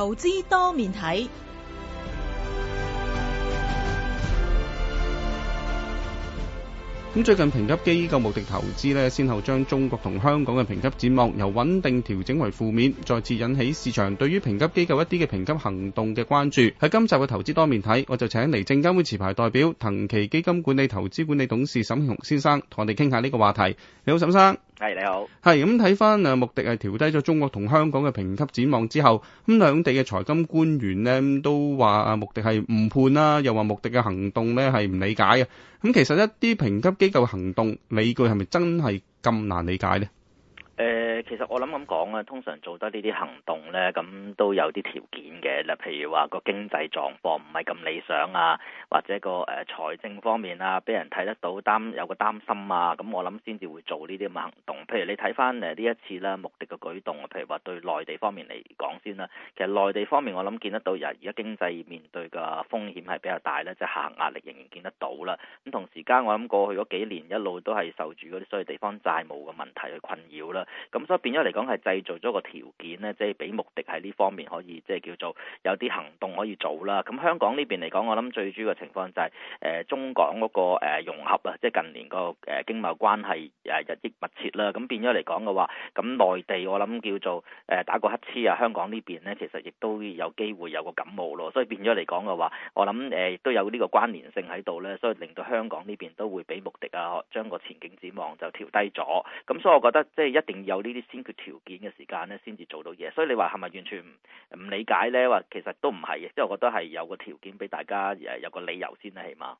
投資多面體，咁最近評級機構穆迪投資先後將中國同香港嘅評級展望由穩定調整為負面，再次引起市場對於評級機構一啲嘅評級行動嘅關注。喺今集嘅投資多面體我就請嚟證監會持牌代表騰奇基金管理投資管理董事沈雄先生同我哋傾下呢個話題。你好，沈生。係，你好，係咁睇翻誒，穆迪係調低咗中國同香港嘅評級展望之後，咁兩地嘅財金官員咧都話啊，穆迪係誤判啦，又話穆迪嘅行動咧係唔理解嘅。咁其實一啲評級機構嘅行動，理據係咪真係咁難理解咧？其實我諗咁講啊，通常做得呢啲行動咧，咁都有啲條件嘅。嗱，譬如話個經濟狀況唔係咁理想啊，或者個誒財政方面啊，俾人睇得到擔有個擔心啊，咁我諗先至會做呢啲咁嘅行動。譬如你睇翻誒呢一次啦，目的嘅舉動，譬如話對內地方面嚟講先啦，其實內地方面我諗見得到而家經濟面對嘅風險係比較大咧，即係下行壓力仍然見得到啦。咁同時間我諗過去嗰幾年一路都係受住嗰啲所謂地方債務嘅問題去困擾啦。咁所以變咗嚟講係製造咗個條件咧，即係俾穆迪喺呢方面可以即係叫做有啲行動可以做啦。咁香港呢邊嚟講，我諗最主要嘅情況就係、呃、中港嗰個、呃、融合啦，即係近年個誒、呃、經貿關係、啊、日益密切啦。咁變咗嚟講嘅話，咁內地我諗叫做、呃、打個乞嗤啊，香港呢邊咧其實亦都有機會有個感冒咯。所以變咗嚟講嘅話，我諗、呃、都有呢個關聯性喺度咧，所以令到香港呢邊都會俾穆迪啊，將個前景展望就調低咗。咁所以我覺得即係一定有呢啲。先決條件嘅時間咧，先至做到嘢，所以你話係咪完全唔理解呢？話其實都唔係嘅，即係我覺得係有個條件俾大家，誒有個理由先啦，起碼。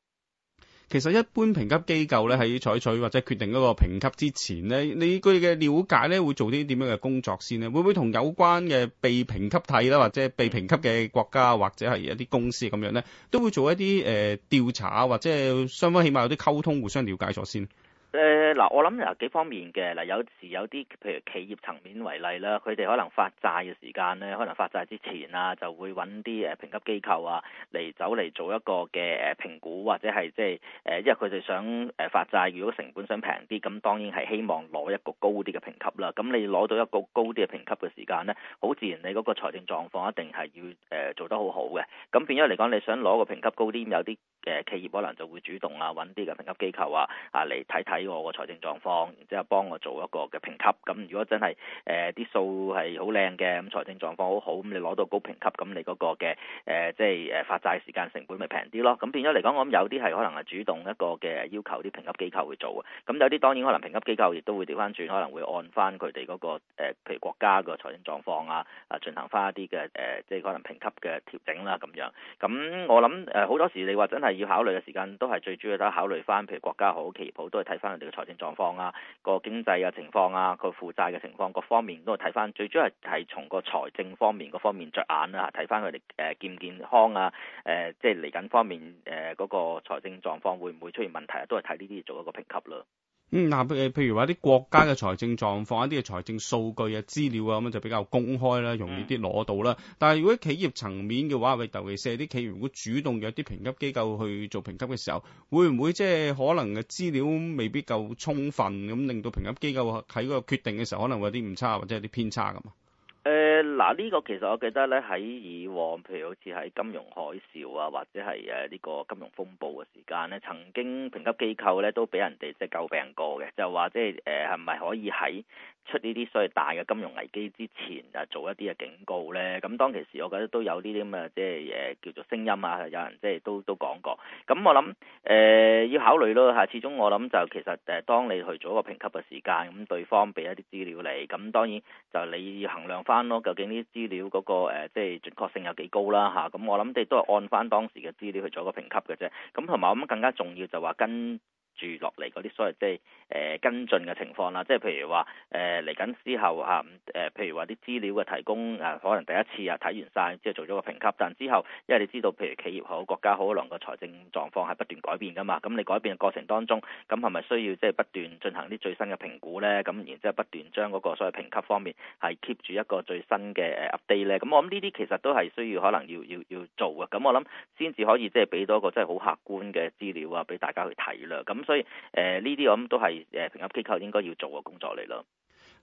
其實一般評級機構咧，喺採取或者決定嗰個評級之前咧，你佢嘅了解咧會做啲點樣嘅工作先咧？會唔會同有關嘅被評級體啦，或者被評級嘅國家或者係一啲公司咁樣呢，都會做一啲誒、呃、調查或者雙方起碼有啲溝通，互相了解咗先。誒、呃、嗱，我諗有幾方面嘅嗱，有時有啲譬如企業層面為例啦，佢哋可能發債嘅時間咧，可能發債之前啊，就會揾啲誒評級機構啊嚟走嚟做一個嘅誒評估，或者係即係誒，因為佢哋想誒發債，如果成本想平啲，咁當然係希望攞一個高啲嘅評級啦。咁你攞到一個高啲嘅評級嘅時間咧，好自然你嗰個財政狀況一定係要誒做得好好嘅。咁變咗嚟講，你想攞個評級高啲，有啲誒企業可能就會主動啊揾啲嘅評級機構啊啊嚟睇睇。俾我個財政狀況，然之後幫我做一個嘅評級。咁如果真係誒啲數係好靚嘅，咁財政狀況好好，咁你攞到高評級，咁你嗰個嘅誒即係誒發債時間成本咪平啲咯？咁變咗嚟講，我諗有啲係可能係主動一個嘅要求啲評級機構去做嘅。咁有啲當然可能評級機構亦都會調翻轉，可能會按翻佢哋嗰個誒，譬如國家個財政狀況啊，啊進行翻一啲嘅誒，即係可能評級嘅調整啦咁樣。咁我諗誒好多時你話真係要考慮嘅時間，都係最主要都考慮翻譬如國家好、企業好都係睇翻。佢哋嘅財政狀況啊，個經濟嘅情況啊，個負債嘅情況各方面都係睇翻，最主要係係從個財政方面各方面着眼啊，睇翻佢哋誒健唔健康啊，誒即係嚟緊方面誒嗰個財政狀況會唔會出現問題啊，都係睇呢啲做一個評級咯。嗯，嗱，譬如話啲國家嘅財政狀況，一啲嘅財政數據啊資料啊咁就比較公開啦，容易啲攞到啦。但係如果喺企業層面嘅話，喂，尤其是啲企業如果主動約啲評級機構去做評級嘅時候，會唔會即係、就是、可能嘅資料未必夠充分，咁令到評級機構喺個決定嘅時候，可能會有啲誤差或者有啲偏差咁啊？誒嗱呢個其實我記得咧，喺以往譬如好似喺金融海嘯啊，或者係誒呢個金融風暴嘅時間咧，曾經評級機構咧都俾人哋即係詬病過嘅，就話即係誒係咪可以喺出呢啲所謂大嘅金融危機之前啊，做一啲嘅警告咧，咁當其時，我覺得都有呢啲咁嘅即係誒叫做聲音啊，有人即係都都講過。咁我諗誒、呃、要考慮咯吓，始終我諗就其實誒當你去做一個評級嘅時間，咁對方俾一啲資料你，咁當然就你要衡量翻咯，究竟呢啲資料嗰、嗰個誒即係準確性有幾高啦吓，咁我諗你都係按翻當時嘅資料去做一個評級嘅啫。咁同埋我諗更加重要就話跟住落嚟嗰啲所謂即係誒跟進嘅情況啦，即係譬如話誒嚟緊之後吓，譬如話啲資料嘅提供誒，可能第一次啊睇完晒，即係做咗個評級。但之後因為你知道譬如企業好國家好，可能個財政狀況係不斷改變噶嘛，咁你改變嘅過程當中，咁係咪需要即係不斷進行啲最新嘅評估咧？咁然之後不斷將嗰個所謂評級方面係 keep 住一個最新嘅 update 咧，咁我諗呢啲其實都係需要可能要要要做啊。咁我諗先至可以即係俾多個即係好客觀嘅資料啊，俾大家去睇啦，咁。咁所以誒呢啲我諗都係誒評級機構應該要做嘅工作嚟咯。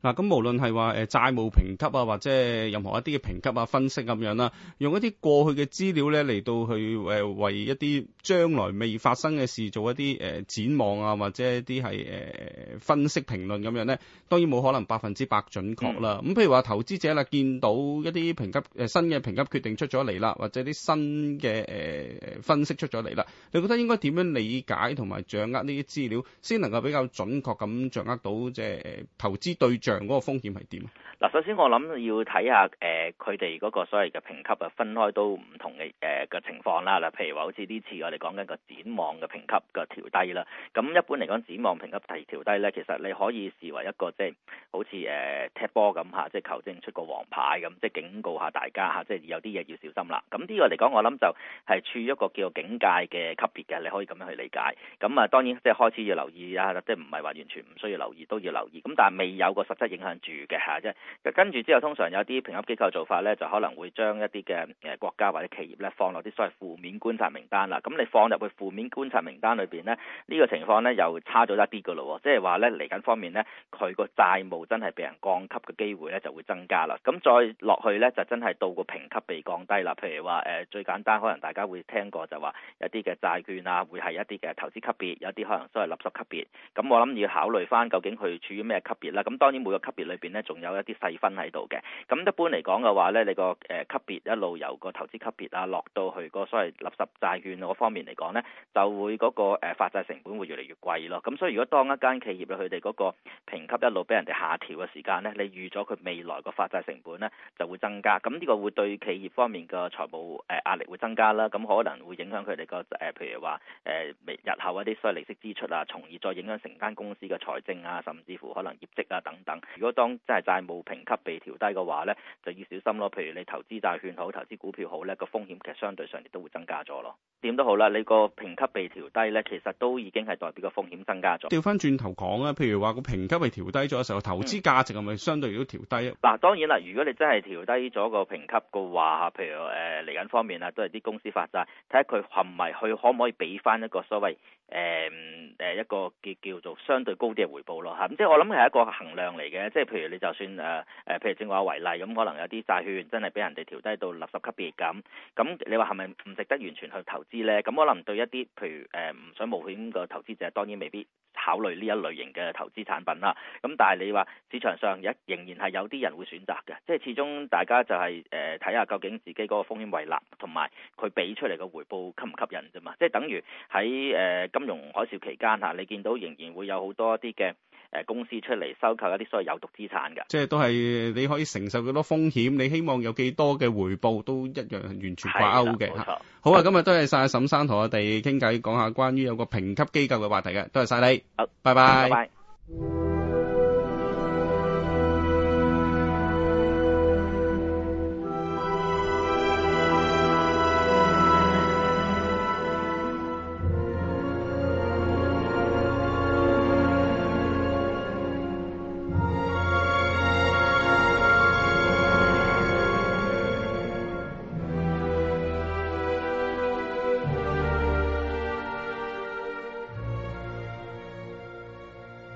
嗱，咁無論係話誒債務評級啊，或者任何一啲嘅評級啊，分析咁樣啦，用一啲過去嘅資料咧嚟，到去誒為一啲將來未發生嘅事做一啲誒展望啊，或者一啲係誒分析評論咁樣咧，當然冇可能百分之百準確啦。咁，嗯，譬如話投資者啦，見到一啲評級誒新嘅評級決定出咗嚟啦，或者啲新嘅誒分析出咗嚟啦，你覺得應該點樣理解同埋掌握呢啲資料，先能夠比較準確咁掌握到即係，誒，投資對嗰個風險係點啊？嗱，首先我諗要睇下誒佢哋嗰個所謂嘅評級啊，分開都唔同嘅誒嘅情況啦。嗱，譬如話好似呢次我哋講緊個展望嘅評級嘅調低啦。咁一般嚟講，展望評級提調低咧，其實你可以視為一個即係好似誒踢波咁嚇，即係球證出個黃牌咁，即係警告下大家嚇，即係有啲嘢要小心啦。咁呢個嚟講，我諗就係處於一個叫警戒嘅級別嘅，你可以咁樣去理解。咁啊，當然即係開始要留意啊，即係唔係話完全唔需要留意，都要留意。咁但係未有個實即係影響住嘅嚇，跟住之後，通常有啲評級機構做法咧，就可能會將一啲嘅誒國家或者企業咧，放落啲所謂負面觀察名單啦。咁你放入去負面觀察名單裏面咧，呢個情況咧又差咗一啲噶咯。即係話咧嚟緊方面咧，佢個債務真係被人降級嘅機會咧就會增加啦。咁再落去咧就真係到個評級被降低啦。譬如話、呃、最簡單可能大家會聽過就話一啲嘅債券啊，會係一啲嘅投資級別，有啲可能所謂垃圾級別。咁我諗要考慮翻究竟佢處於咩級別啦。咁當然。每個級別裏邊咧，仲有一啲細分喺度嘅。咁一般嚟講嘅話咧，你個誒級別一路由個投資級別啊，落到去個所謂垃圾債券嗰方面嚟講咧，就會嗰個誒發債成本會越嚟越貴咯。咁所以如果當一間企業佢哋嗰個評級一路俾人哋下調嘅時間咧，你預咗佢未來個發債成本咧就會增加。咁呢個會對企業方面嘅財務誒壓力會增加啦。咁可能會影響佢哋個誒譬如話誒日後一啲所謂利息支出啊，從而再影響成間公司嘅財政啊，甚至乎可能業績啊等等。如果當真係債務評級被調低嘅話咧，就要小心咯。譬如你投資債券好，投資股票好咧，個風險其實相對上亦都會增加咗咯。點都好啦，你個評級被調低咧，其實都已經係代表個風險增加咗。調翻轉頭講啦，譬如話個評級被調低咗嘅時候，投資價值係咪相對要調低啊？嗱、嗯，當然啦，如果你真係調低咗個評級嘅話，譬如誒嚟緊方面啊，都係啲公司發債，睇下佢係咪去，可唔可以俾翻一個所謂誒誒一個叫叫做相對高啲嘅回報咯吓。即、嗯、係我諗係一個衡量嚟。嘅，即係譬如你就算誒誒，譬如正話為例，咁可能有啲債券真係俾人哋調低到垃圾級別咁，咁你話係咪唔值得完全去投資呢？咁可能對一啲譬如誒唔想冒險嘅投資者，當然未必考慮呢一類型嘅投資產品啦。咁但係你話市場上仍仍然係有啲人會選擇嘅，即係始終大家就係誒睇下究竟自己嗰個風險胃納，同埋佢俾出嚟個回報吸唔吸引啫嘛。即係等於喺誒金融海嘯期間嚇，你見到仍然會有好多啲嘅。誒，公司出嚟收購一啲所謂有毒資產嘅，即係都係你可以承受幾多風險，你希望有幾多嘅回報都一樣完全掛鈎嘅。吓，好啊，今日多謝晒沈生同我哋傾偈，講下關於有個評級機構嘅話題嘅，多謝晒你，好，拜拜。拜拜。